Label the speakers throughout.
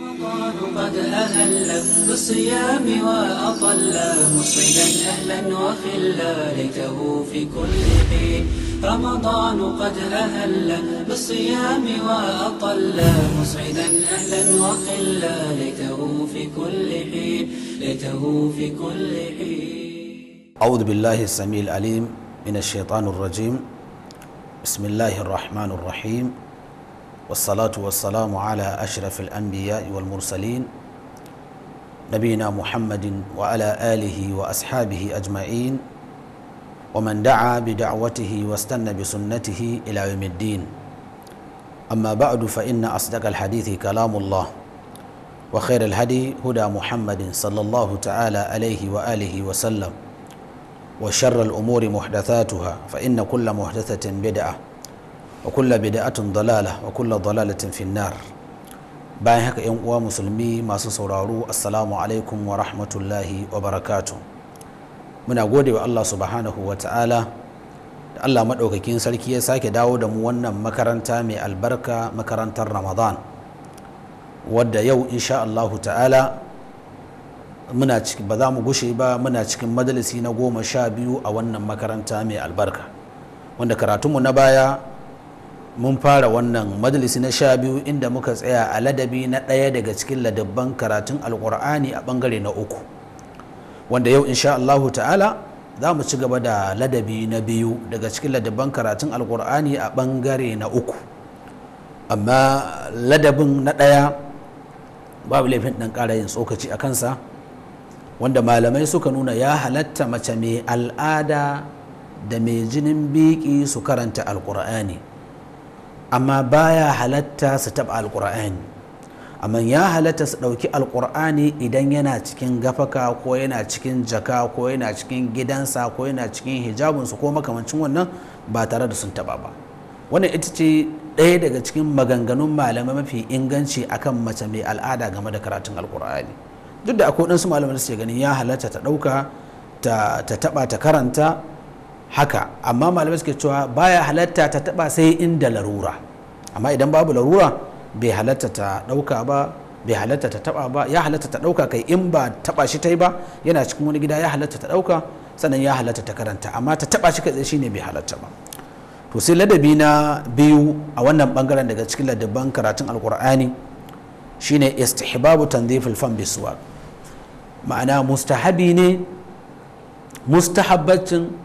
Speaker 1: رمضان قد أهل بالصيام وأطل مصعدا أهلا وخلا ليته في كل حين رمضان قد أهل بالصيام وأطل مصعدا أهلا وخلا ليته في كل حين ليته في كل حين أعوذ بالله السميع العليم من الشيطان الرجيم بسم الله الرحمن الرحيم والصلاة والسلام على أشرف الأنبياء والمرسلين نبينا محمد وعلى آله وأصحابه أجمعين ومن دعا بدعوته واستنى بسنته إلى يوم الدين أما بعد فإن أصدق الحديث كلام الله وخير الهدي هدى محمد صلى الله تعالى عليه وآله وسلم وشر الأمور محدثاتها فإن كل محدثة بدعة wa kulla bid'atin dalala wa kulla dalalatin finnar bayan haka yan uwa musulmi masu sauraro assalamu alaikum wa rahmatullahi wa barakatu muna gode wa Allah subhanahu wa ta'ala da Allah maɗaukakin sarki ya sake dawo da mu wannan makaranta mai albarka makarantar ramadan wadda yau insha Allah ta'ala muna ba za mu gushe ba muna cikin majalisi na goma sha biyu a wannan makaranta mai albarka wanda karatunmu na baya mun fara wannan majalisi na sha biyu inda muka tsaya a ladabi na ɗaya daga cikin ladabban karatun alkur'ani a bangare na uku wanda yau insha Allahu ta'ala za mu ci gaba da ladabi na biyu daga cikin ladabban karatun alkur'ani a bangare na uku amma ladabin na ɗaya babu laifin ɗan ƙara yin tsokaci a kansa wanda malamai suka nuna ya halatta mace mai al'ada da mai jinin biki su karanta alkur'ani amma baya halatta su taɓa alƙur'ani amma ya halatta su ɗauki alƙur'ani idan yana cikin gafaka ko yana cikin jaka ko yana cikin gidansa ko yana cikin hijabinsu ko makamancin wannan ba tare da sun taɓa ba wannan ita ce ɗaya daga cikin maganganun malamai mafi inganci akan mace mai al'ada game da karatun alkur'ani duk da akwai waɗansu malamai da suke ganin ya halatta ta ɗauka ta taɓa ta karanta haka amma malamai suke cewa baya halatta ta taba sai inda larura amma idan babu larura bai halatta ta dauka ba bai halatta ta taba ba ya halatta ta dauka kai in ba taba shi ta yi ba yana cikin wani gida ya halatta ta dauka sannan ya halatta ta karanta amma ta taba shi kai shine bai halatta ba to sai ladabi na biyu a wannan bangaren daga cikin ladabban karatun alkur'ani shine istihbabu tanzifil fam biswa ma'ana mustahabi ne mustahabbacin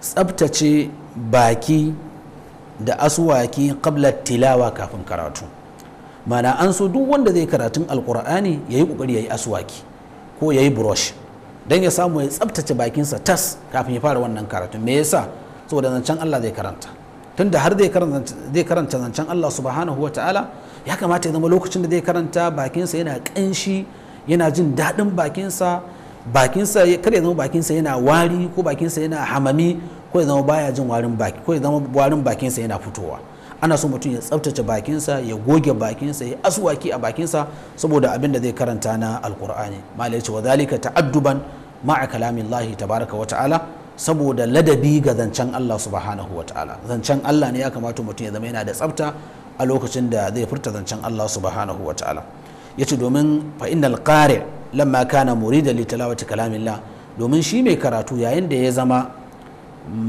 Speaker 1: tsabtace baki da asuwaki kabla tilawa kafin karatu mana an so duk wanda zai karatun alkur'ani ya yi kokari ya yi asuwaki ko ya yi brush don ya samu ya tsabtace bakinsa tas kafin ya fara wannan karatu me yasa saboda zancen Allah zai karanta tunda har zai karanta zancen Allah subhanahu wa ta'ala ya kamata ya zama lokacin da zai karanta bakinsa yana ƙanshi yana jin daɗin bakinsa bakinsa kar ya zama bakinsa yana wari ko bakinsa yana hamami ko ya zama baya jin warin baki ko ya zama warin bakinsa yana fitowa ana so mutum ya tsaftace bakinsa ya goge bakinsa ya aswaki a bakinsa saboda abin da zai karanta na alkur'ani malai ce wa zalika ta'adduban ma'a kalamillahi tabaraka wa ta'ala saboda ladabi ga zancen Allah subhanahu wa ta'ala zancen Allah ne ya kamata mutum ya zama yana da tsabta a lokacin da zai furta zancen Allah subhanahu wa ta'ala yace domin fa'inal innal lamma kana murida li talawati kalamillah domin shi mai karatu yayin da ya zama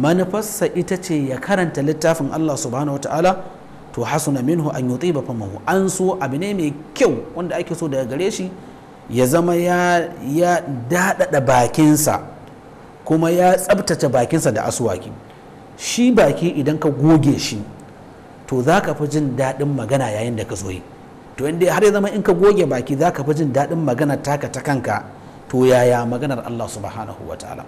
Speaker 1: manufarsa ita ce ya karanta littafin Allah subhanahu wataala to hasuna minhu an yutiba famahu an so abu ne mai kyau wanda ake so daga gare shi ya zama ya ya dadada bakinsa kuma ya tsabtace bakinsa da aswaki shi baki idan ka goge shi to zaka fi jin daɗin magana yayin da ka zo yi to inda har ya zama in ka goge baki za ka fi jin daɗin magana taka ta kanka to yaya maganar Allah subhanahu wa ta'ala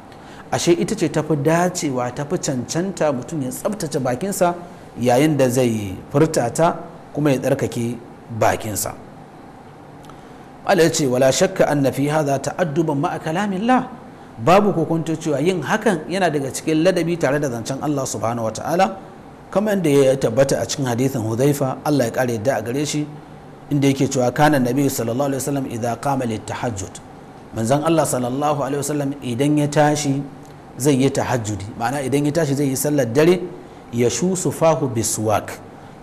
Speaker 1: ashe ita ce tafi dacewa tafi cancanta mutum ya tsabtace bakinsa yayin da zai furta ta kuma ya tsarkake bakinsa Allah ya ce wala shakka anna fi hadha ta'adduban ma'a kalamillah babu kokonto cewa yin hakan yana daga cikin ladabi tare da zancen Allah subhanahu wa ta'ala kamar da ya tabbata a cikin hadithin Hudhaifa Allah ya kare yadda a gare shi inda yake cewa kana nabi sallallahu alaihi wasallam idza qama tahajjud manzon Allah sallallahu alaihi wasallam idan ya tashi zai yi tahajjudi ma'ana idan ya tashi zai yi sallar dare ya shusu fahu biswak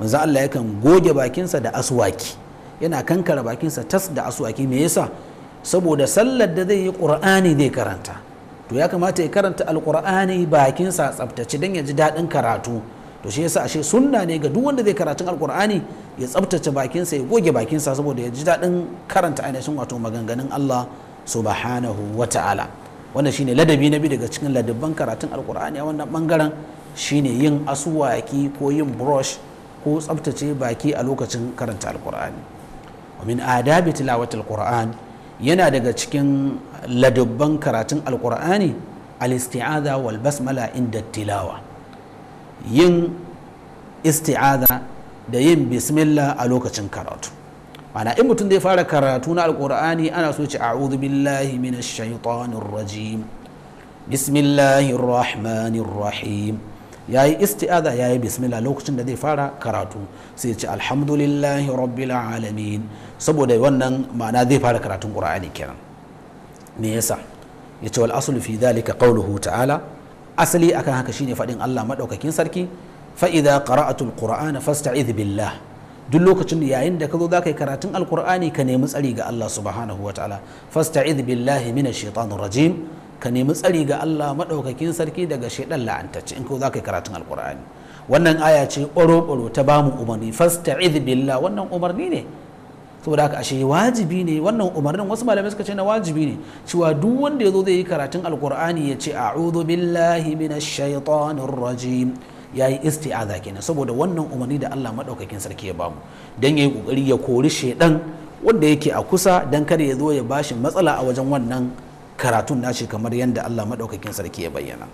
Speaker 1: manzon Allah yakan goge bakinsa da aswaki yana kankara bakinsa tas da aswaki me yasa saboda sallar da zai yi qur'ani zai karanta to ya kamata ya karanta alqur'ani bakinsa tsaftace dan ya ji daɗin karatu to shi yasa ashe sunna ne ga duk wanda zai karatun alkur'ani ya tsabtace bakinsa ya goge bakinsa saboda ya ji daɗin karanta ainihin wato maganganun Allah subhanahu wa ta'ala wannan shine ladabi na bi daga cikin ladabban karatun alkur'ani a wannan bangaren shine yin asuwaki ko yin brush ko tsabtace baki a lokacin karanta alkur'ani wa min adabi tilawatil alkur'ani yana daga cikin ladabban karatun alkur'ani al-isti'adha wal basmala inda tilawa yin isti'aza da yin bismillah a lokacin karatu mana in mutum zai fara karatu na alkur'ani ana so ce a'udhu billahi minash shaitanir rajim bismillahir rahmanir rahim yayi isti'aza yayi bismillah lokacin da zai fara karatu sai ci alhamdulillahi rabbil alamin saboda wannan ma'ana zai fara karatun qur'ani kenan me yasa yace wal aslu fi dhalika qawluhu ta'ala asali akan haka shine faɗin Allah maɗaukakin sarki fa'iza qara'atul qur'ana fasta'idh billah duk lokacin yayin da ka zo za ka yi karatun alkur'ani ka nemi tsari ga Allah subhanahu wa ta'ala fasta'idh billahi mina shaitanir rajim ka nemi tsari ga Allah maɗaukakin sarki daga shaidan la'antacce in ka za ka yi karatun alkur'ani wannan aya ce ɓaro ta bamu umarni fasta'idh billah wannan umarni ne saboda haka ashe wajibi ne wannan umarnin wasu malamai suka ce na wajibi ne cewa duk wanda ya zo zai yi karatun alkur'ani ya ce a'udhu billahi minash shaitanir rajim ya yi isti'aza kenan saboda wannan umarni da Allah madaukakin sarki ya bamu dan yayi kokari ya kori shedan wanda yake a kusa dan kada ya zo ya bashi matsala a wajen wannan karatun nashi kamar yadda Allah madaukakin sarki ya bayyana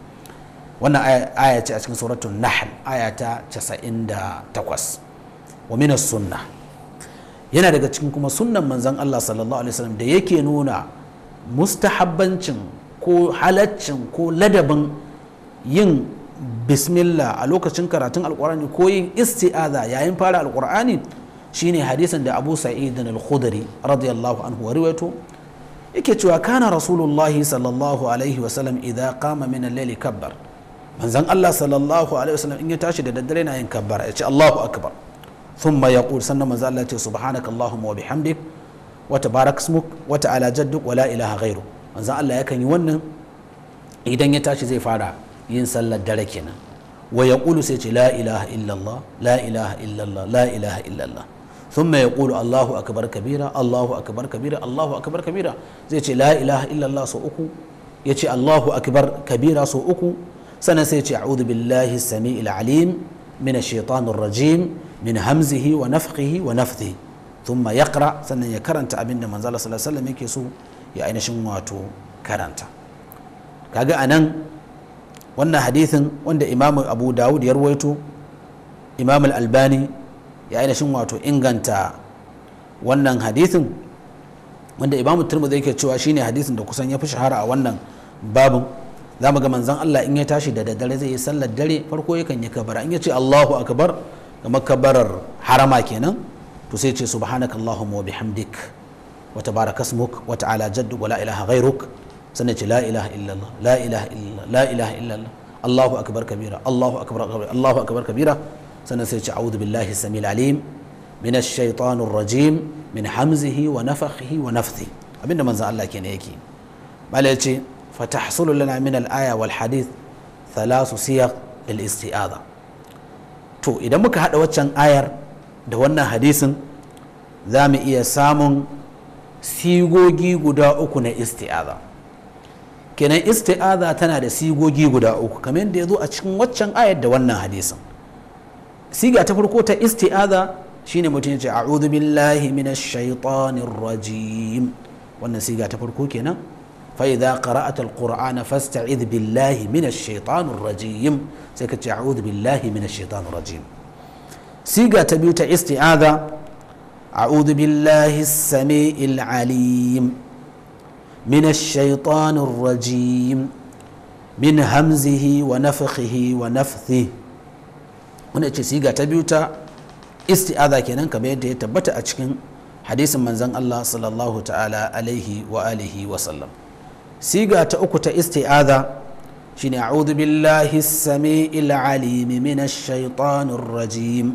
Speaker 1: wannan aya ce a cikin suratul nahl aya ta 98 wa minas sunnah yana daga cikin kuma sunnan manzan Allah sallallahu alaihi wasallam da yake nuna mustahabbancin ko halaccin ko ladabin yin bismillah a lokacin karatun alkur'ani ko yin isti'aza yayin fara alkur'ani shine hadisin da Abu Sa'id al-Khudri radiyallahu anhu wato yake cewa kana rasulullahi sallallahu alaihi wasallam idza qama min al kabbar manzan Allah sallallahu alaihi wasallam in ya tashi da daddare na yin kabbar ya ce Allahu akbar thumma yaqul sannan manzo Allah ce subhanaka allahumma wa bihamdik wa tabarak ismuk wa ta'ala jadduk wa la ilaha ghairu manzo Allah yakan yi wannan idan ya tashi zai fara yin sallar dare kenan wa yaqulu sai ce la ilaha illallah la ilaha illallah la ilaha illallah ثم يقول الله أكبر كبيرا الله أكبر كبيرا الله أكبر كبيرا زي لا إله إلا الله سو أكو يتي الله أكبر كبيرا سو أكو سنة أعوذ بالله السميع العليم من الشيطان الرجيم min hamzihi wa nafhihi wa nafdhihi thumma yaqra sannan ya karanta abin da manzo sallallahu alaihi wasallam yake so ya ainihin wato karanta kaga anan wannan hadithin wanda imamu abu dawud ya rawaito imam al-albani ya ainihin wato inganta wannan hadithin wanda imamu turmudi yake cewa shine hadithin da kusan ya fi shahara a wannan babin za mu ga manzon Allah in ya tashi da daddare zai yi sallar dare farko yakan yi kabara in ya ce Allahu akbar ga makabarar harama kenan to sai ce subhanakallahumma wa bihamdik wa tabarakasmuk wa ta'ala jadduk wa la ilaha ghairuk sannan ce la ilaha illallah la ilaha illallah la ilaha illallah Allahu akbar kabira Allahu akbar kabira Allahu akbar kabira sannan sai ce a'udhu billahi samil alim min ash-shaytanir rajim min hamzihi wa nafakhihi wa nafthihi abinda manzon Allah kenan yake bala yace fatahsulu lana min al-aya wal hadith thalath siyaq lil isti'adha to idan muka hada waccan ayar da wannan hadisin za mu iya samun sigogi guda uku na isti'aza kenan isti'aza tana da sigogi guda uku kamar da ya zo a cikin waccan ayar da wannan hadisin siga ta farko ta isti'aza shine mutum ya ce a'udhu billahi minash shaitanir rajim wannan siga ta farko kenan فإذا قرأت القرآن فاستعذ بالله من الشيطان الرجيم سيكت أعوذ بالله من الشيطان الرجيم سيقة تبيوت استعاذة أعوذ بالله السميع العليم من الشيطان الرجيم من همزه ونفخه ونفثه wanda ce siga ta biyu ta isti'aza kenan kamar yadda ya tabbata a cikin hadisin manzon Allah sallallahu ta'ala alaihi wa alihi wa sallam siga ta uku ta isti'aza shine a'udhu billahi as-sami'il 'alim minash shaitanir rajim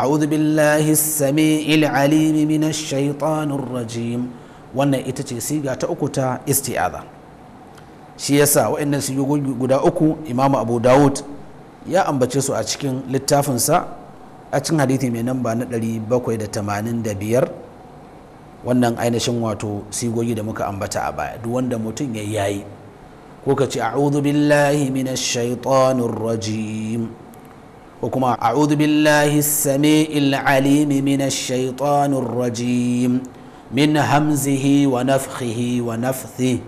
Speaker 1: a'udhu billahi as-sami'il 'alim minash shaitanir rajim wannan ita ce siga ta uku ta isti'aza shi yasa waɗannan su guda uku imamu abu dawud ya ambace su a cikin littafinsa a cikin hadithi mai namba na 785 wannan ainihin wato sigogi da muka ambata a baya duk wanda mutum ya yayi ko ka ce a'udhu billahi minash shaitanir rajim ko kuma a'udhu billahi samiil alim minash shaitanir rajim min hamzihi wa nafthihi wa nafthi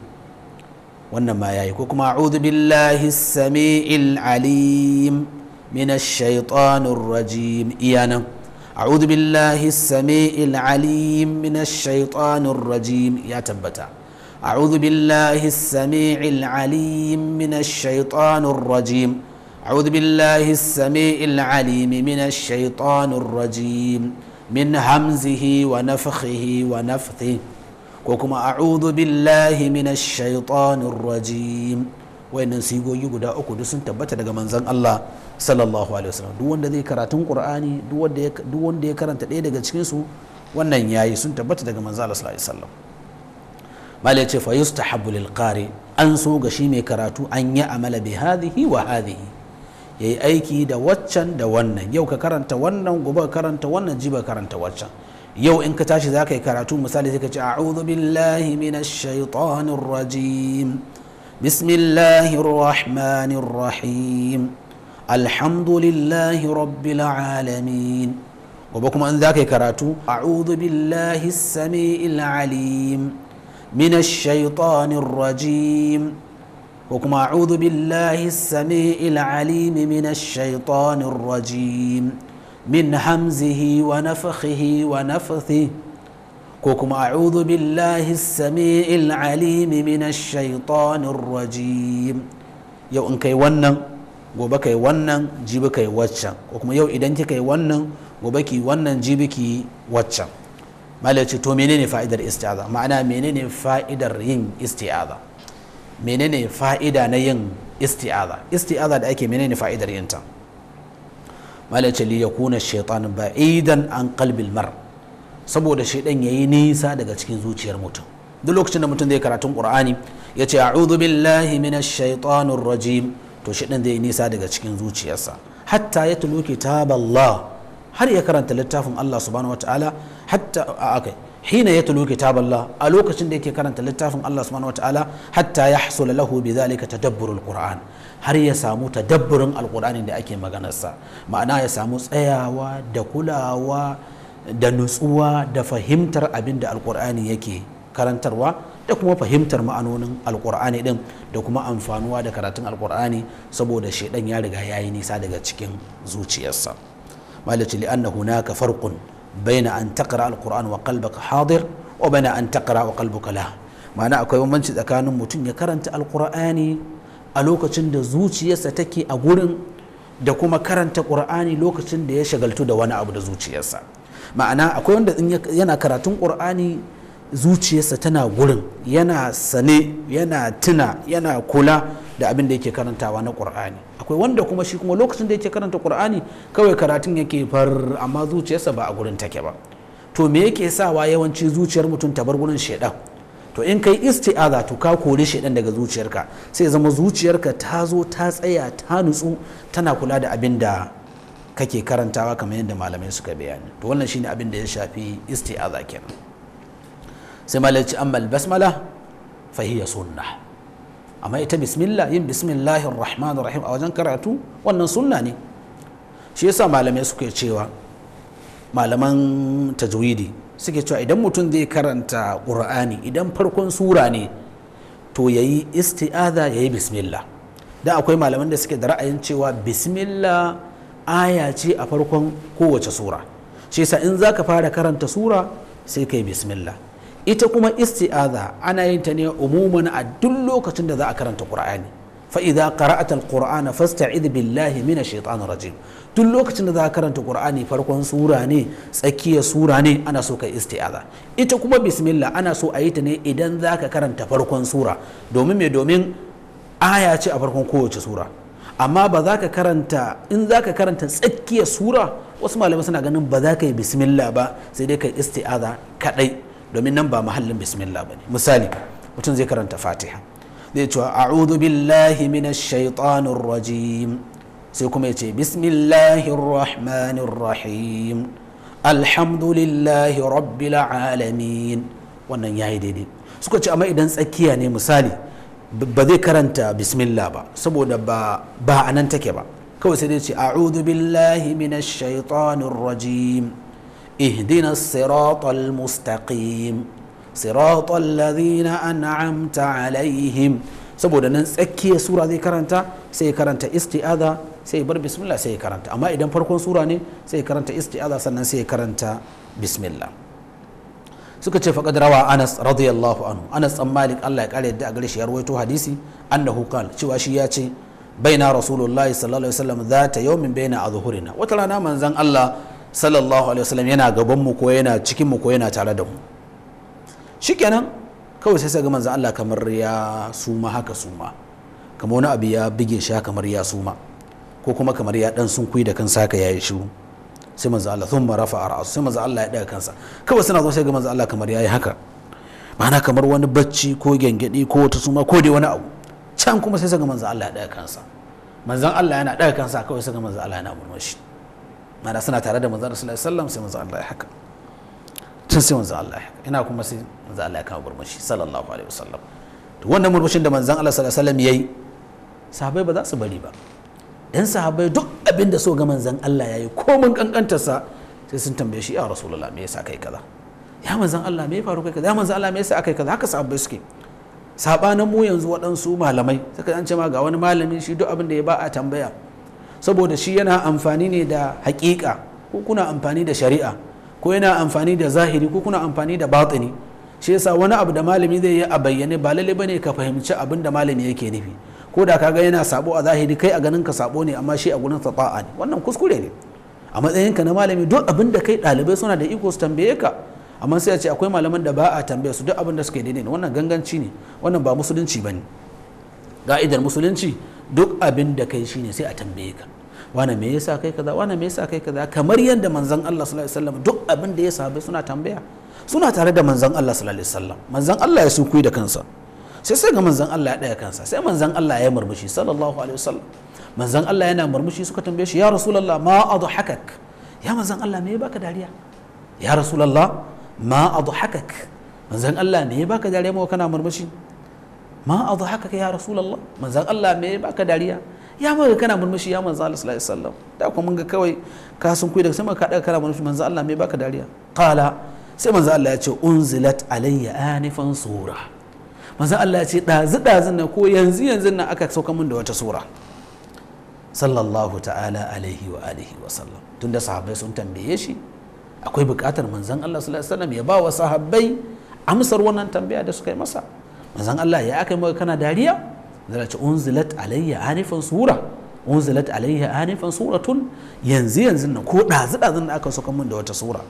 Speaker 1: wannan ma yayi ko kuma a'udhu billahi samiil alim minash shaitanir rajim iyanan أعوذ بالله السميع العليم من الشيطان الرجيم يا تبتا أعوذ بالله السميع العليم من الشيطان الرجيم أعوذ بالله السميع العليم من الشيطان الرجيم من همزه ونفخه ونفثه وكما أعوذ بالله من الشيطان الرجيم wayannan sigogi guda uku duk sun tabbata daga manzon Allah sallallahu alaihi wasallam duk wanda zai karatun Qur'ani duk wanda ya duk wanda ya karanta ɗaya daga cikin su wannan yayi sun tabbata daga manzon Allah sallallahu alaihi wasallam ya ce fa yustahabbu lil qari an so ga shi mai karatu an yi amala bi hadhihi wa hadhihi yayi aiki da waccan da wannan yau ka karanta wannan gobe ka karanta wannan jiba karanta waccan yau in ka tashi za ka yi karatu misali sai ka ce a'udhu billahi minash shaitanir rajim بسم الله الرحمن الرحيم الحمد لله رب العالمين وبكم أن ذاك كراتو أعوذ بالله السميع العليم من الشيطان الرجيم وكم أعوذ بالله السميع العليم من الشيطان الرجيم من همزه ونفخه ونفثه ko kuma a a'udhu billahi samiil alim minash shaitanir rajim yau in kai wannan gobe kai wannan jibi kai waccan ko kuma yau idan kika yi wannan gobe ki wannan jibi ki waccan malai ce to menene fa'idar isti'aza ma'ana menene fa'idar yin isti'aza menene fa'ida na yin isti'aza isti'aza da ake menene fa'idar yin ta. ce li yakuna shaitan ba'idan an qalbil mar' saboda shaidan yayi nisa daga cikin zuciyar mutum duk lokacin da mutum zai karatun qur'ani ya ce a'udhu billahi minash shaitanir rajim to shaidan zai nisa daga cikin zuciyarsa hatta ya tulu kitaballah har ya karanta littafin Allah subhanahu wataala hatta akai hina ya tulu kitaballah a lokacin da yake karanta littafin Allah subhanahu wataala hatta yahsul lahu bidhalika tadabburul qur'an har ya samu tadabburin alqur'anin da ake maganarsa ma'ana ya samu tsayawa da kulawa da nutsuwa da fahimtar abin da alkur'ani yake karantarwa da kuma fahimtar ma'anonin alkur'ani din da kuma amfanuwa da karatun alkur'ani saboda shaidan ya riga ya yi nisa daga cikin zuciyarsa li li'anna hunaka farqun baina an taqra alquran wa qalbaka hadir wa baina an taqra wa qalbuka la ma'ana akwai bambanci tsakanin mutum ya karanta alkur'ani a lokacin da zuciyarsa take a gurin da kuma karanta qur'ani lokacin da ya shagaltu da wani abu da zuciyarsa ma'ana akwai wanda yana karatun ƙur'ani zuciyarsa tana gurin yana sane yana tuna yana kula da abin da yake karantawa na ƙur'ani akwai wanda kuma shi kuma lokacin da yake karanta ƙur'ani kawai karatun yake far amma zuciyarsa ba a gurin take ba to me yake sawa yawanci zuciyar mutum ta bar gurin shaidan to in kai isti'aza to ka kori shaidan daga zuciyarka sai zama zuciyarka ta zo ta tsaya ta nutsu tana kula da abin da kake karantawa kamar yadda malamai suka bayani to wannan shine abin da ya shafi isti'aza kenan sai malaci amma basmala fa hiya sunna amma ita bismillah yin bismillahir rahmanir rahim a wajen karatu wannan sunna ne shi yasa malamai suke cewa malaman tajwidi suke cewa idan mutum zai karanta qur'ani idan farkon sura ne to yayi isti'aza yayi bismillah da akwai malaman da suke da ra'ayin cewa bismillah aya ce a farkon kowace sura shi yasa in zaka fara karanta sura sai kai bismillah ita kuma isti'aza ana yin ta ne umuman a duk lokacin da za a karanta qur'ani fa idza qara'ata alqur'ana fasta'id billahi minash shaitanir rajim duk lokacin da za a karanta qur'ani farkon sura ne tsakiyar sura ne ana so kai isti'aza ita kuma bismillah ana so a yi ta ne idan za ka karanta farkon sura domin me domin aya ce a farkon kowace sura amma ba za ka karanta in za ka karanta tsakiyar sura wasu malamai suna ganin ba za ka yi bismillah ba sai dai ka yi isti'aza kadai domin nan ba mahallin bismillah ba ne misali mutum zai karanta fatiha zai ce a'udhu billahi minash shaitanir rajim sai kuma ya ce bismillahir rahmanir rahim alhamdulillahi rabbil alamin wannan yayi daidai suka ce amma idan tsakiya ne misali ba zai karanta bismillah ba saboda ba a nan take ba kawai sai dai ce a'udhu billahi minash shaitanir rajim ihdina siratal mustaqim siratal ladhina an'amta alaihim saboda nan tsakiyar sura zai karanta sai karanta isti'aza sai bar bismillah sai karanta amma idan farkon sura ne sai karanta isti'aza sannan sai karanta bismillah suka ce faqad rawa Anas radiyallahu anhu Anas san Malik Allah ya kare yadda a gare shi ya rawaito hadisi annahu qala cewa shi ya ce baina rasulullahi sallallahu alaihi wasallam zata yawmin baina azhurina wata rana manzon Allah sallallahu alaihi wasallam yana gaban mu ko yana cikin mu ko yana tare da mu shikenan kawai sai ga manzon Allah kamar ya suma haka suma kamar wani abu ya bige shi kamar ya suma ko kuma kamar ya ɗan sun da kan kansa ya yayi shiru sai manzo Allah thumma rafa'a ra'su sai manzo Allah ya daga kansa kawai suna zo sai ga manzo Allah kamar yayi haka ma'ana kamar wani bacci ko gengedi ko wata suma ko dai wani abu can kuma sai ga manzo Allah ya daga kansa manzon Allah yana daga kansa kawai sai ga manzo Allah yana murmushi ma'ana suna tare da manzo Rasulullahi sallallahu alaihi wasallam sai manzo Allah ya haka tun sai manzo Allah ya haka ina kuma sai manzo Allah ya kama murmushi sallallahu alaihi wasallam to wannan murmushin da manzon Allah sallallahu alaihi wasallam yayi sahabbai ba za su bari ba dan sahabai duk abin da so ga manzan Allah yayi komin kankantarsa sai sun tambaye shi ya rasulullah me yasa kai kaza ya manzan Allah me ya faru kai kaza ya manzan Allah me yasa akai kaza haka sahabbai suke sabanin mu yanzu waɗansu malamai saka an ce ma ga wani malami shi duk abin da ya ba a tambaya saboda shi yana amfani ne da haƙiƙa ko kuna amfani da shari'a ko yana amfani da zahiri ko kuna amfani da batini shi yasa wani abu da malami zai yi a bayyane ba lalle bane ka fahimci abin da malami yake nufi ko da kaga yana sabo a zahiri kai a ganin ka sabo ne amma shi a gurin sa ta'a ne wannan kuskure ne a matsayin ka na malami duk abin da kai ɗalibai suna da iko su tambaye ka amma sai a ce akwai malaman da ba a tambaye su duk abin da suke daidai ne wannan ganganci ne wannan ba musulunci bane ga'idar musulunci duk abin da kai shine sai a tambaye ka wane me yasa kai kaza wane me yasa kai kaza kamar yadda manzon Allah sallallahu alaihi wasallam duk abin da ya sabai suna tambaya suna tare da manzon Allah sallallahu alaihi wasallam manzon Allah ya su da kansa sai sai ga manzon Allah ya ɗaya kansa sai manzon Allah ya murmushi sallallahu alaihi wasallam manzon Allah yana murmushi suka tambaye shi ya rasulullah ma adhakak ya manzon Allah me ya baka dariya ya rasulullah ma adhakak manzon Allah me ya baka dariya mawa kana murmushi ma adhakak ya rasulullah manzon Allah me ya baka dariya ya maka kana murmushi ya manzo Allah sallallahu alaihi wasallam da kuma mun ga kawai ka sun kuyi daga sama ka daga kana murmushi manzo Allah me baka dariya qala sai manzo Allah ya ce unzilat alayya anifan sura manzo Allah ya ce dazu dazun nan ko yanzu yanzu na aka sauka min da wata sura sallallahu ta'ala alaihi wa alihi wa sallam tunda sahabbai sun tambaye shi akwai buƙatar manzon Allah sallallahu alaihi ya ba wa sahabbai amsar wannan tambaya da suka yi masa manzon Allah ya aka maka kana dariya zai ce unzilat alayya anifan sura unzilat alayya anifan suratun yanzu yanzu na ko dazu dazun nan aka sauka min da wata sura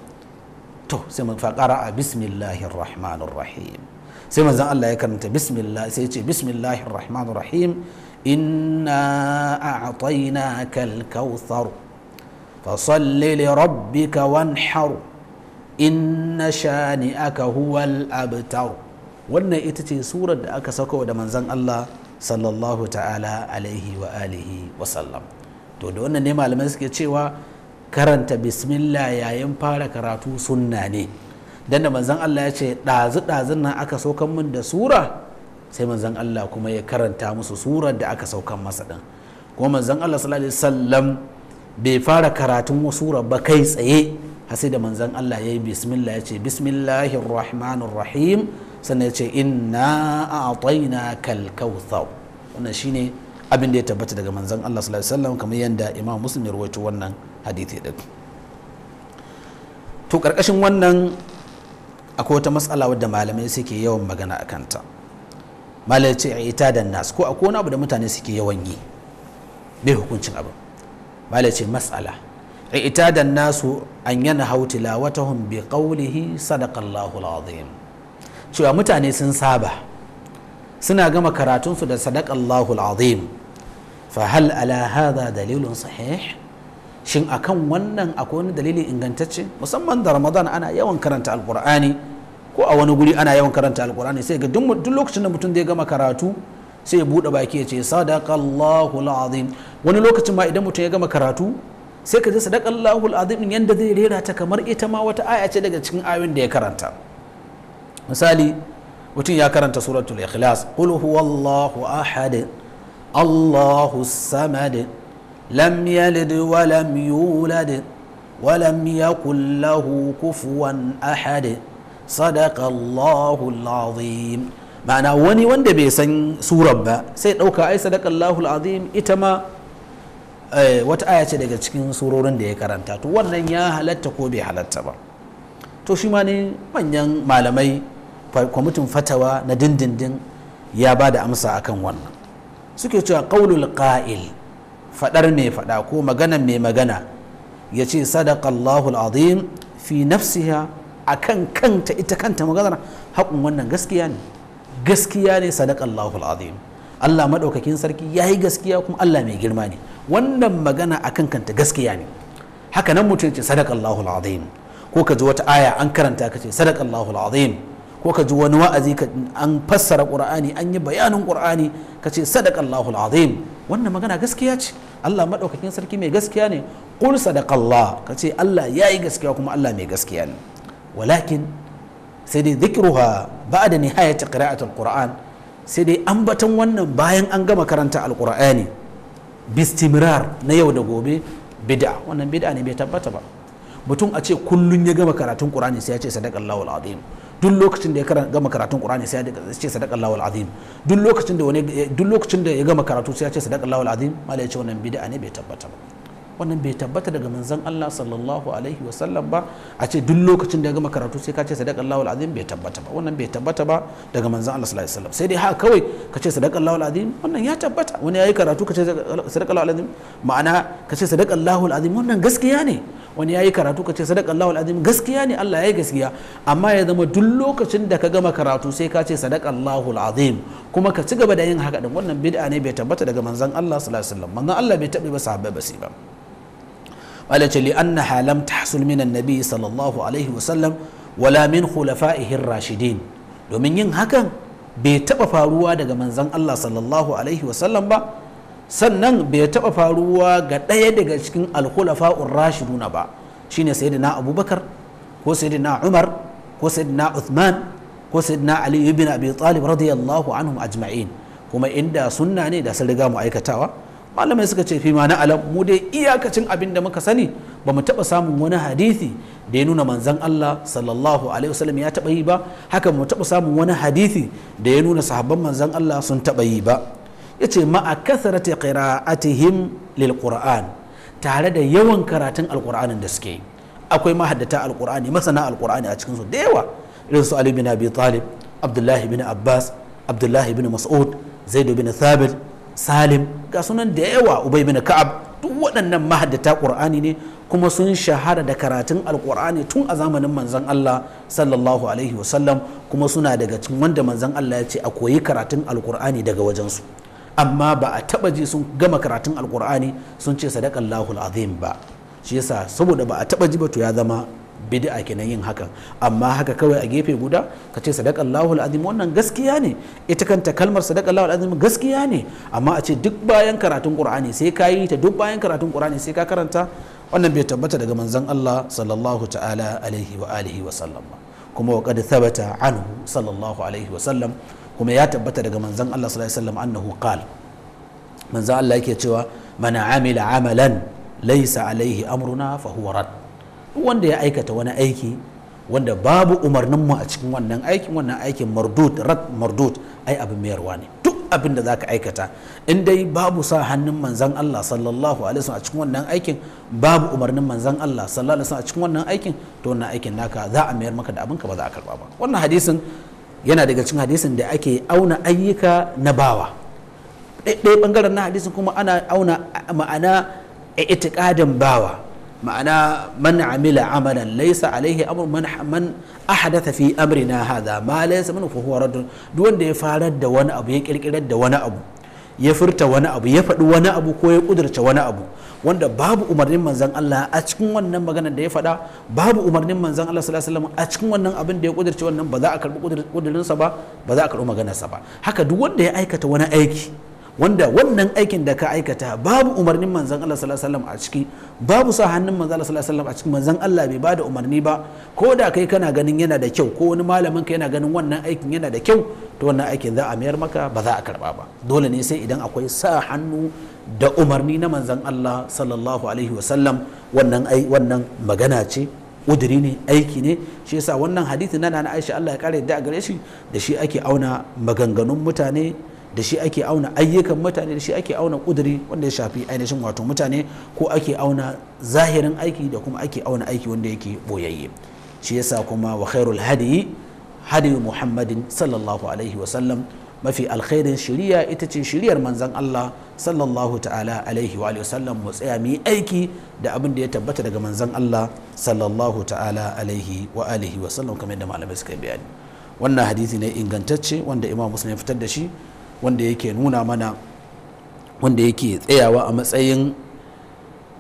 Speaker 1: to sai mun faƙara a bismillahir rahmanir rahim sai manzon Allah ya karanta bismillah sai ya ce bismillahir rahmanir rahim inna a'tainaka al-kautsar fasalli li rabbika wanhar inna shani'aka huwal abtar wannan ita ce surar da aka sako da manzon Allah sallallahu ta'ala alaihi wa alihi wa sallam to da wannan ne malamai suke cewa karanta bismillah yayin fara karatu sunna ne dan da manzon Allah ya ce ɗazu ɗazun nan aka saukan min da sura sai manzon Allah kuma ya karanta musu surar da aka saukan masa din kuma manzon Allah sallallahu alaihi wasallam bai fara karatun sura ba kai tsaye har sai da manzon Allah ya yi bismillah ya ce bismillahir rahmanir rahim sannan ya ce inna a'tayna kal kautsar wannan shine abin da ya tabbata daga manzon Allah sallallahu alaihi wasallam kamar yanda Imam Muslim ya rawaito wannan hadisi din to karkashin wannan akwai wata matsala wadda malamai suke yawan magana a kanta malamai ce ita da nas ko akwai wani abu da mutane suke yawan yi bai hukuncin abu malamai ce matsala ita da nasu an yana hautila wata hun bi qawlihi sadaqallahu alazim cewa mutane sun saba suna gama karatunsu da sadaqallahu alazim fa hal ala hadha dalilun sahih shin akan wannan akwai wani dalili ingantacce musamman da ramadan ana yawan karanta alkur'ani ko a wani guri ana yawan karanta alkur'ani sai ga duk lokacin da mutum ya gama karatu sai ya buɗe baki ya ce sadaqallahu alazim wani lokacin ma idan mutum ya gama karatu sai ka ji sadaqallahu alazim din yanda zai rera ta kamar ita ma wata aya ce daga cikin ayoyin da ya karanta misali mutum ya karanta suratul ikhlas qul huwallahu ahad allahus samad lam yalid wa lam yulad wa lam lahu kufuwan ahad ma'ana wani wanda bai san surar ba sai ɗauka ai sadaqa Allahu ita ma wata aya ce daga cikin surorin da ya karanta to wannan ya halatta ko bai halatta ba to shi ma ne manyan malamai kwamitin fatawa na dindindin ya ba da amsa akan wannan suke cewa qaulul qa'il faɗar mai faɗa ko maganar mai magana ya ce sadakallahu al'azim fi nafsiha akan kan kanta ita kanta maganar haƙun wannan gaskiya ne gaskiya ne sadakallahu al'azim Allah maɗaukakin sarki ya yi gaskiya kuma Allah mai girma ne wannan magana akan kan kanta gaskiya ne haka nan mutum ce sadakallahu al'azim ko ka ji wata aya an karanta ka ce sadakallahu al'azim ko ka ji wani wa'azi ka an fassara qur'ani an yi bayanin qur'ani ka ce sadaqallahu alazim wannan magana gaskiya ce Allah madaukakin sarki mai gaskiya ne qul sadaqallah ka ce Allah yayi gaskiya kuma Allah mai gaskiya ne walakin sai dai dhikruha ba'da nihayat qira'ati alquran sai dai ambaton wannan bayan an gama karanta alqur'ani bistimrar na yau da gobe bid'a wannan bid'a ne bai tabbata ba mutum a ce kullun ya gama karatun qur'ani sai ya ce sadaqallahu alazim duk lokacin da ya gama karatun qur'ani sai ya ce sadaqallahu lawal duk lokacin da wani duk lokacin da ya gama karatu sai ya ce lawal azim mala ya ce wannan bid'a ne bai tabbata ba wannan bai tabbata daga manzon Allah sallallahu alaihi wa sallam ba a ce duk lokacin da ya gama karatu sai ka ce lawal azim bai tabbata ba wannan bai tabbata ba daga manzon Allah sallallahu alaihi wa sallam sai dai ha kawai ka ce lawal azim wannan ya tabbata wani yayi karatu ka ce lawal azim ma'ana ka ce lawal azim wannan gaskiya ne wani ya yi karatu ka ce sadaqallahu alazim gaskiya ne Allah ya yi gaskiya amma ya zama duk lokacin da ka gama karatu sai ka ce sadaqallahu alazim kuma ka ci gaba da yin haka din wannan bid'a ne bai tabbata daga manzon Allah sallallahu alaihi wasallam manzon Allah bai taɓa ba sahabbai ba sai ba wala ce li annaha lam tahsul min annabi sallallahu alaihi wasallam wala min khulafa'ihi rashidin domin yin hakan bai taɓa faruwa daga manzon Allah sallallahu alaihi wasallam ba sannan bai taɓa faruwa ga ɗaya daga cikin alkhulafa rashiduna ba shine na abubakar ko na umar ko na uthman ko na ali ibn abi talib radiyallahu anhum ajma'in kuma inda sunna ne da sun riga mu aikatawa malamai suka ce fi ma na alam mu dai iyakacin abin da muka sani ba mu taɓa samun wani hadisi da ya nuna manzan Allah sallallahu alaihi wasallam ya taɓa yi ba haka mu taɓa samun wani hadisi da ya nuna sahabban manzan Allah sun taɓa yi ba ya yace ma'a kasarati qira'atihim lil qur'an tare da yawan karatun alqur'anin da suke akwai mahaddata alqur'ani masana alqur'ani a cikin su da yawa irin su ali bin abi talib abdullahi bin abbas abdullahi bin mas'ud zaid bin thabit salim ga sunan da yawa ubay bin ka'ab duk waɗannan mahaddata qur'ani ne kuma sun shahara da karatun Alƙur'ani tun a zamanin manzon Allah sallallahu alaihi wasallam kuma suna daga cikin wanda manzon Allah ya ce a koyi karatun alkur'ani daga wajensu amma ba a taba ji sun gama karatun alkur'ani sun ce lahul azim ba shi yasa saboda ba a taba ji ba to ya zama bid'a kenan yin hakan amma haka kawai a gefe guda ka ce sadakallahu azim wannan gaskiya ne ita kanta kalmar sadakallahu azim gaskiya ne amma a ce duk bayan karatun qur'ani sai ka yi ta duk bayan karatun qur'ani sai ka karanta wannan bai tabbata daga manzon Allah sallallahu ta'ala alaihi wa alihi wa sallam kuma wa qad thabata anhu sallallahu alaihi wa sallam kuma ya tabbata daga manzan Allah sallallahu alaihi wasallam annahu qal manzon Allah yake cewa mana amila amalan laysa alaihi amruna fa huwa rad wanda ya aikata wani aiki wanda babu umarnin mu a cikin wannan aikin wannan aikin mardud rad mardud ai abin mayarwa ne duk abin da zaka aikata in dai babu sa hannun manzan Allah sallallahu alaihi wasallam a cikin wannan aikin babu umarnin manzan Allah sallallahu alaihi wasallam a cikin wannan aikin to wannan aikin naka za a mayar maka da abin ka ba za a karba ba wannan hadisin yana daga cikin hadisin da ake auna ayyuka na bawa ɗaya ɓangaren na hadisin kuma ana auna ma'ana itikadin bawa ma'ana man amila amalan laisa alaihi amr man man ahdatha fi amrina hadha ma laysa min fa huwa duk wanda ya farar da wani abu ya kirkirar da wani abu ya furta wani abu ya faɗi wani abu ko ya kudurta wani abu wanda babu umarnin manzan Allah a cikin wannan maganar da ya faɗa babu umarnin manzan Allah sallallahu alaihi wasallam a cikin wannan abin da ya kudirce wannan ba za a karbi kudirinsa ba ba za a karbi maganarsa ba haka duk wanda ya aikata wani aiki wanda wannan aikin da ka aikata babu umarnin manzan Allah sallallahu alaihi wasallam a ciki babu sa hannun manzan Allah sallallahu alaihi a ciki manzan Allah bai bada umarni ba ko da kai kana ganin yana da kyau ko wani malamin ka yana ganin wannan aikin yana da kyau to wannan aikin za a mayar maka ba za a karba ba dole ne sai idan akwai sa hannu da umarni na manzan Allah sallallahu alaihi wasallam wannan ai wannan magana ce udiri ne aiki ne shi yasa wannan hadithi na na Aisha Allah ya kare da gare shi da shi ake auna maganganun mutane da shi ake auna ayyukan mutane da shi ake auna kuduri wanda ya shafi ainihin wato mutane ko ake auna zahirin aiki da kuma ake auna aiki wanda yake boyayye shi yasa kuma wa khairul hadi hadi muhammadin sallallahu alaihi wa sallam mafi alkhairin shiriya ita ce shiriyar manzan Allah sallallahu ta'ala alaihi wa sallam mu tsaya mu yi aiki da abin da ya tabbata daga manzan Allah sallallahu ta'ala alaihi wa alihi wa sallam kamar yadda malamai suka bayani wannan hadisi ne ingantacce wanda imam muslim ya fitar da shi wanda yake nuna mana wanda yake tsayawa a matsayin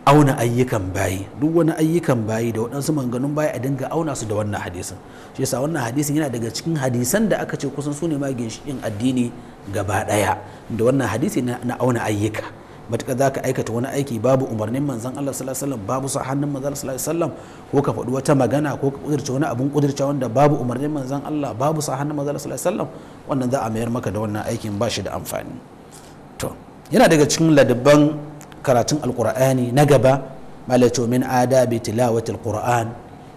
Speaker 1: auna ayyukan bayi duk wani ayyukan bayi da waɗansu manganun bayi a dinga auna su da wannan hadisin shi yasa wannan hadisin yana daga cikin hadisan da aka ce kusan su ne ma ginshiƙin addini gaba ɗaya da wannan hadisi na auna ayyuka matuƙa za ka aikata wani aiki babu umarnin manzan Allah sallallahu alaihi wasallam babu sahannin hannun manzan Allah sallallahu alaihi wasallam ko ka faɗi wata magana ko ka kudirce wani abun kudirce wanda babu umarnin manzan Allah babu sahannin hannun Allah sallallahu alaihi wasallam wannan za a mayar maka da wannan aikin ba shi da amfani to yana daga cikin ladabban karatun alqur'ani na gaba malato min adabi tilawati alqur'an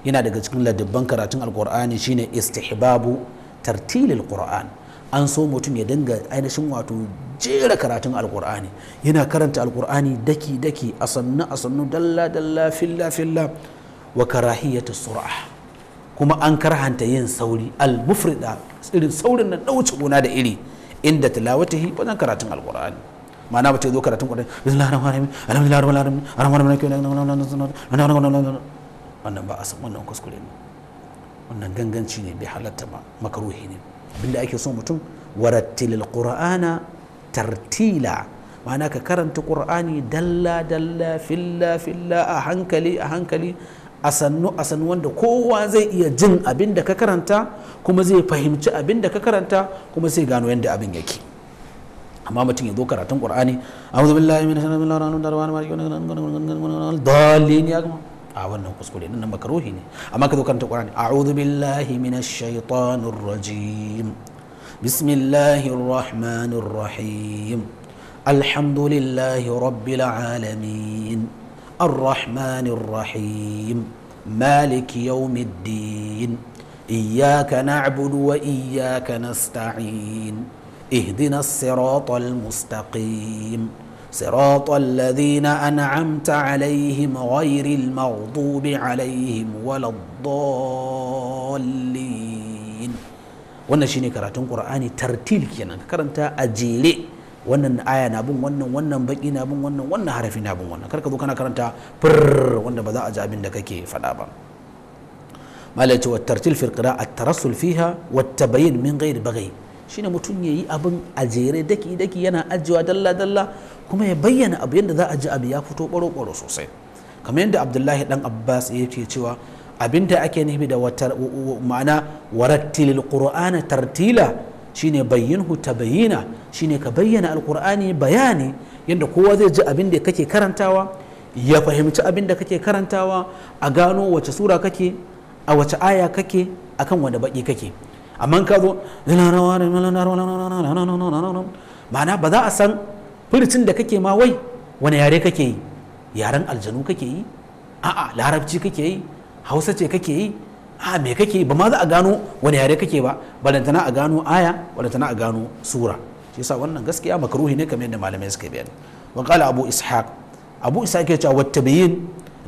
Speaker 1: yana daga cikin ladabban karatun alqur'ani shine istihbabu tartilil qur'an an so mutum ya dinga ainihin wato jera karatun alkur'ani yana karanta alkur'ani daki daki a sannu a sannu dalla dalla filla filla wa karahiyatu sur'a kuma an karhanta yin sauri al mufrida irin saurin na dauce gona da iri inda tilawatihi wajen karatun alkur'ani ma'ana mutum zo karatun alkur'ani bismillahir rahmanir rahim alhamdulillahi rabbil alamin arrahmanir rahim wannan ba a san wannan kuskure ne wannan ganganci ne bai halatta ba makaruhi ne abinda ake so mutum warattilil qur'ana tartila ma'ana ka karanta qur'ani dalla dalla filla filla a hankali a hankali a sannu a sannu wanda kowa zai iya jin abin da ka karanta kuma zai fahimci abin da ka karanta kuma sai gano yadda abin yake amma mutum ya zo karatun qur'ani a'udhu billahi minash shaitanir rajim a wannan kuskure nan makaruhi ne amma ka zo karanta qur'ani a'udhu billahi minash shaitanir rajim bismillahir rahmanir rahim alhamdulillahi rabbil alamin arrahmanir rahim مالك يوم الدين إياك نعبد وإياك نستعين اهدنا الصراط المستقيم صراط الذين انعمت عليهم غير المغضوب عليهم ولا الضالين wannan shine karatun qur'ani tartil kenan karanta a jere wannan aya na bin wannan wannan baki na bin wannan wannan harafi na bin wannan karka zo kana karanta fir wanda ba za a ji abin da kake faɗa ba malai ce wa tartil fil qira'at tarassul fiha wa tabayyin min ghairi baghi shine mutum ya yi abin a jere daki daki yana ajiyewa dalla dalla kuma ya bayyana abu yadda za a ji abu ya fito baro baro sosai kamar yadda abdullahi dan abbas ya ce cewa abin da ake nufi da ma'ana warattilil qur'ana tartila shine bayyinhu tabayyina shine ka bayyana alqur'ani bayani yadda kowa zai ji abin da kake karantawa ya fahimci abin da kake karantawa a gano wace sura kake a wace aya kake akan wani baki kake aman ka zo ma'ana ba za a san furicin da kake ma wai wani yare kake yi yaren aljanu kake yi a'a larabci kake yi hausa ce kake yi a me kake ba ma za a gano wani yare kake ba balantana a gano aya balantana a gano sura shi yasa wannan gaskiya makruhi ne kamar yadda malamai suka bayani wa qala abu ishaq abu ishaq ya ce wa tabayyin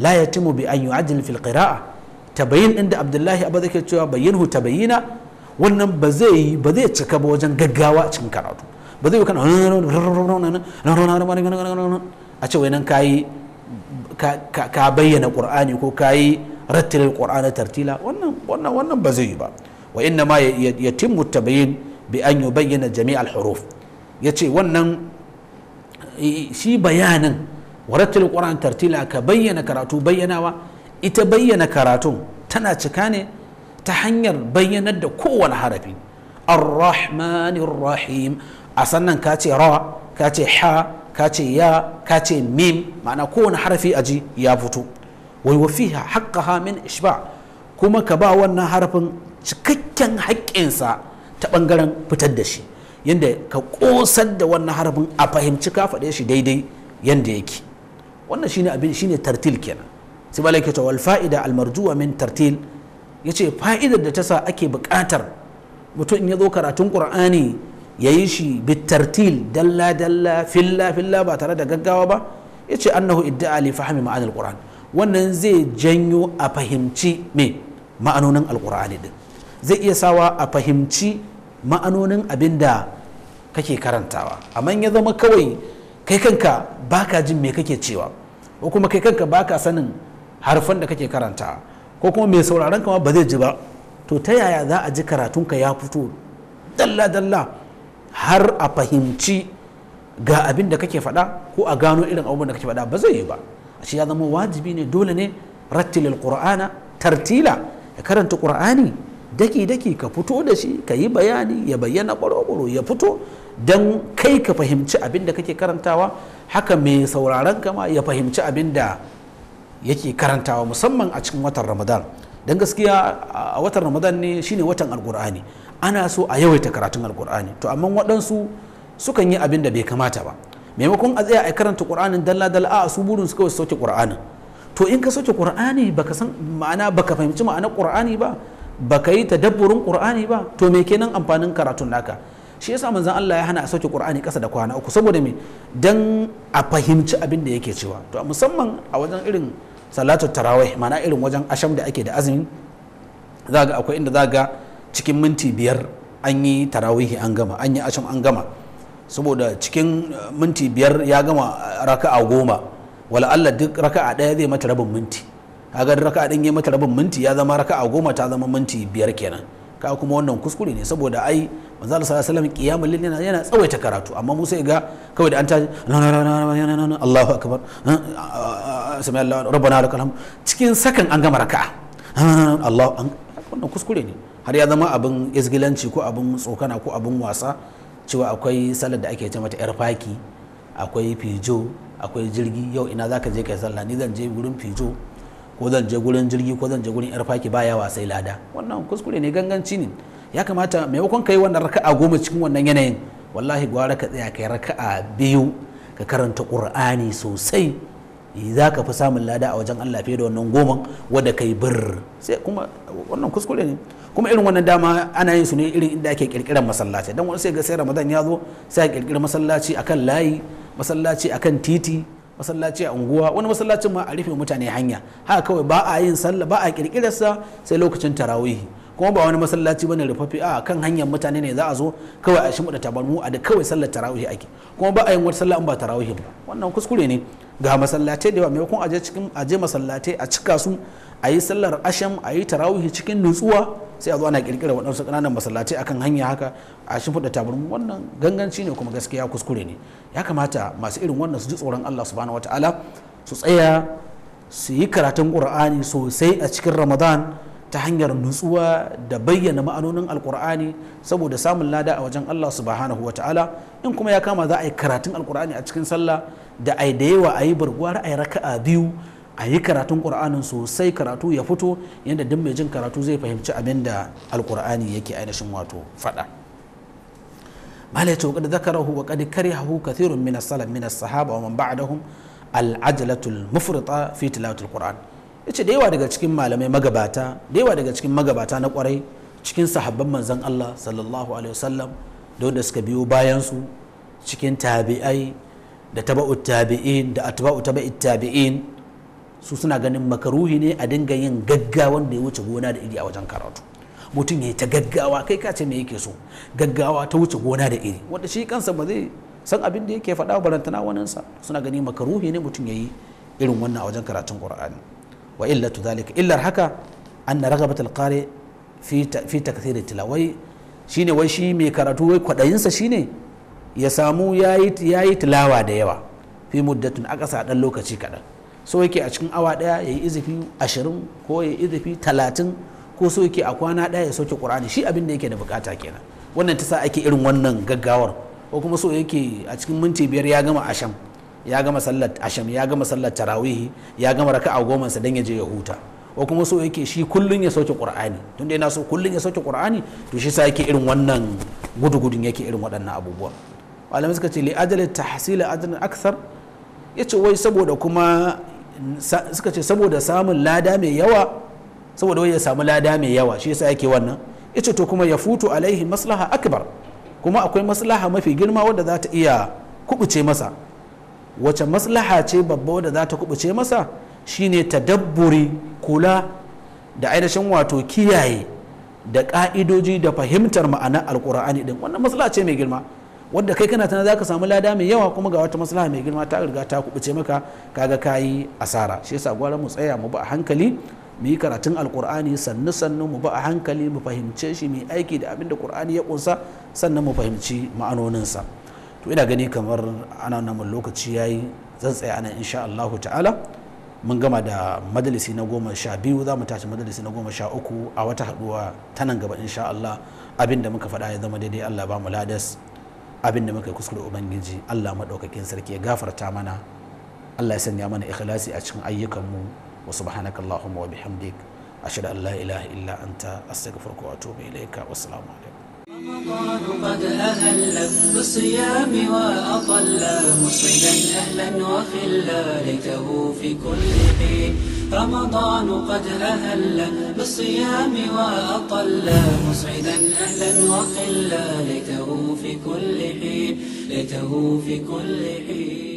Speaker 1: la yatimu bi an yu'addil fil qira'a tabayyin inda abdullahi abu zai cewa bayyinhu tabayyina wannan ba zai yi ba zai cika ba wajen gaggawa cikin karatu ba zai yi kana a ce nan yi ka bayyana qur'ani ko kayi rattilil qur'ani tartila wannan wannan wannan ba zai yi ba wa inna ma yatimmu tabayin bi an yubayyana jami'al huruf yace wannan shi bayanin warattul qur'an tartila ka bayyana karatu bayyanawa ita bayyana karatun tana cika ne ta hanyar bayyanar da kowane harafi ar-rahmanir rahim a sannan ka ce ra ka ce ha ka ce ya ka ce mim ma'ana kowane harafi a ji ya fito wai wafiha haqqaha min ishba kuma ka ba wannan harafin cikakken haƙƙinsa ta ɓangaren fitar da shi yadda ka ƙosar da wannan harafin a fahimci ka faɗe shi daidai yadda yake wannan shine abin shine tartil kenan sai malaka ta wal fa'ida al marjuwa min tartil ya ce fa'idar da ta sa ake buƙatar mutum in ya zo karatun ƙur'ani ya yi shi bitartil dalla dalla filla filla ba tare da gaggawa ba ya ce annahu idda ali fahimi ma'anar kur'ani wannan zai janyo a fahimci me ma'anonin alƙur'ani din zai iya sawa a fahimci ma'anonin abin da kake karantawa amma ya zama kawai kai kanka baka jin mai kake cewa ko kuma kai kanka baka sanin harfan da kake karantawa ko kuma mai sauraron kama ba zai ji ba to ta yaya za a ji karatunka ya fito dalla dalla har a fahimci ga abin da kake faɗa ko a gano irin abubuwan da kake faɗa ba zai yi ba shi ya zama wajibi ne dole ne rattilil qur'ana tartila ya karanta qur'ani daki daki ka fito da shi ka yi bayani ya bayyana ƙwaro ya fito don kai ka fahimci abin da kake karantawa haka mai sauraron kama ya fahimci abin da yake karantawa musamman a cikin watan ramadan don gaskiya a watan ramadan ne shine watan alkur'ani ana so a yawaita karatun alkur'ani to amma waɗansu sukan yi abin da bai kamata ba maimakon a tsaya a karanta qur'anin dalla dalla a su burin su kawai sauke qur'anin to in ka sauke qur'ani baka san ma'ana baka fahimci ma'ana qur'ani ba baka yi tadabburin qur'ani ba to me kenan amfanin karatun naka shi yasa manzon Allah ya hana a sauke qur'ani kasa da kwana uku saboda me dan a fahimci abin da yake cewa to musamman a wajen irin salatu tarawih mana irin wajen asham da ake da azumi za akwai inda za cikin minti biyar an yi tarawihi an gama an yi asham an gama saboda cikin eh, minti biyar ya gama eh, raka'a goma wala Allah duk raka'a daya zai mata rabin minti kaga raka'a ɗin ya mata rabin minti ya zama raka'a goma ta zama minti biyar kenan ka kuma wannan kuskure ne saboda ai manzo Allah sallallahu alaihi wasallam qiyamul yana tsawaita karatu amma Musa ya ga kawai da an ta Allahu akbar eh, sami Allah rabbana lakal hamd cikin sakan an gama raka'a Allah wannan kuskure ne har ya zama abin izgilanci ko abin tsokana ko abin wasa cewa akwai sallar da ake ce mata yar faki akwai fijo akwai jirgi yau ina zaka je kai sallah ni zan je gurin fijo ko zan je gurin jirgi ko zan je gurin yar faki baya wasai lada wannan kuskure ne ganganci ne ya kamata maimakon kai wannan raka'a goma cikin wannan yanayin wallahi gwara ka tsaya kai raka'a biyu ka karanta qur'ani sosai Eh, za ka fi samun lada a wajen Allah fiye da wannan goman wadda kai bir sai kuma wannan kuskure ne kuma irin wannan dama ana yin su ne irin inda ake kirkiran masallaci don wani sai ga sai Ramadan ya zo sai kirkira masallaci akan layi masallaci akan titi masallaci a unguwa wani masallacin ma a rufe mutane hanya haka kawai ba a yin sallah ba a kirkirarsa sai lokacin tarawihi kuma ba wani masallaci bane rufaffe a kan hanyar mutane ne za a zo kawai a shimfiɗa tabarmu a da kawai sallar tarawihi ake kuma ba a yin wata sallah in ba tarawihi ba wannan kuskure ne ga masallatai da yawa maimakon aje cikin aje masallatai a cika su a yi sallar asham a yi tarawihi cikin nutsuwa sai a zo ana kirkira waɗansu ƙananan masallatai akan hanya haka a shi fuɗa tabarmu wannan ganganci ne kuma gaskiya kuskure ne ya kamata masu irin wannan su ji tsoron Allah subhanahu wataala su tsaya su yi karatun qur'ani sosai a cikin ramadan ta hanyar nutsuwa da bayyana ma'anonin alkur'ani saboda samun lada a wajen allah subhanahu wa ta'ala in kuma ya kama za a yi karatun alkur'ani a cikin sallah da ai da yawa ayi yi barguwar ai raka'a biyu a yi karatun ƙur'anin sosai karatu ya fito yadda duk mai jin karatu zai fahimci abin da alƙur'ani yake ainihin wato faɗa malai ce rahu zakarahu waƙadi karihahu kathirun min salaf min sahaba wa man ba'dahum al-ajlatul mufrita fi tilawatul qur'an yace da yawa daga cikin malamai magabata da yawa daga cikin magabata na kwarai cikin sahabban manzon Allah sallallahu alaihi wasallam da wanda suka biyo bayan su cikin tabi'ai da taba'u tabi'in da atba'u tabi'it tabi'in su suna ganin makaruhi ne a dinga yin gaggawan da ya wuce gona da iri a wajen karatu mutum ya ta gaggawa kai ka ce me yake so gaggawa ta wuce gona da iri wanda shi kansa ba zai san abin da yake faɗa barantana wannansa suna gani makaruhi ne mutum ya yi irin wannan a wajen karatun qur'ani wa illa illatu zalika illar haka anna ragabat alqari fi fi takthir tilawai shine wai shi mai karatu wai kwadayinsa shine ya samu ya yi tilawa da yawa fi muddatun ƙasa ɗan lokaci kaɗan so yake a cikin awa ɗaya ya yi izifi ashirin ko ya yi izifi talatin ko so yake a kwana ɗaya ya soke ƙur'ani shi abin da yake da bukata kenan wannan ta sa ake irin wannan gaggawar ko kuma so yake a cikin minti biyar ya gama asham ya gama sallar asham ya gama sallar tarawihi ya gama raka'a goma sa dan ya je ya huta ko kuma so yake shi kullun ya sauke ƙur'ani tun da yana so kullun ya sauke ƙur'ani to shi sa yake irin wannan gudugudun yake irin waɗannan abubuwan malamai suka ce li ajali tahsila ajrin akthar yace wai saboda kuma suka ce saboda samun lada mai yawa saboda wai ya samu lada mai yawa shi yasa yake wannan yace to kuma ya futu alaihi maslaha akbar kuma akwai maslaha mafi girma wadda za ta iya kubuce masa wace maslaha ce babba wadda za ta kubuce masa shine ta dabburi kula da ainihin wato kiyaye da ka'idoji da fahimtar ma'anar alkur'ani din wannan maslaha ce mai girma wadda kai kana tana za ka samu lada mai yawa kuma ga wata maslaha mai girma ta riga ta kubuce maka kaga kayi asara shi yasa gwara mu tsaya mu ba a hankali mu yi karatun alkur'ani sannu sannu mu ba a hankali mu fahimce shi mu aiki da abin da qur'ani ya kunsa sannan mu fahimci ma'anoninsa to ina gani kamar ana mun lokaci yayi zan tsaya ana insha allah ta'ala mun gama da madalisi na goma sha biyu za mu tashi madalisi na goma sha uku a wata haduwa ta nan gaba insha Allah abin da muka faɗa ya zama daidai Allah ba mu ladas abin da muka kuskure ubangiji Allah maɗaukakin sarki ya gafarta mana Allah ya sanya mana ikhlasi a cikin ayyukanmu wa subhanaka Allahumma wa bihamdik ashhadu an la ilaha illa anta astaghfiruka wa atubu ilayka wa assalamu alaikum
Speaker 2: رمضان قد أهل بالصيام وأطل مصيدا أهلا
Speaker 1: وخلا لكه في كل حين رمضان قد أهل بالصيام وأطل مسعدا أهلا وخلا ليته في كل حين ليته في كل حين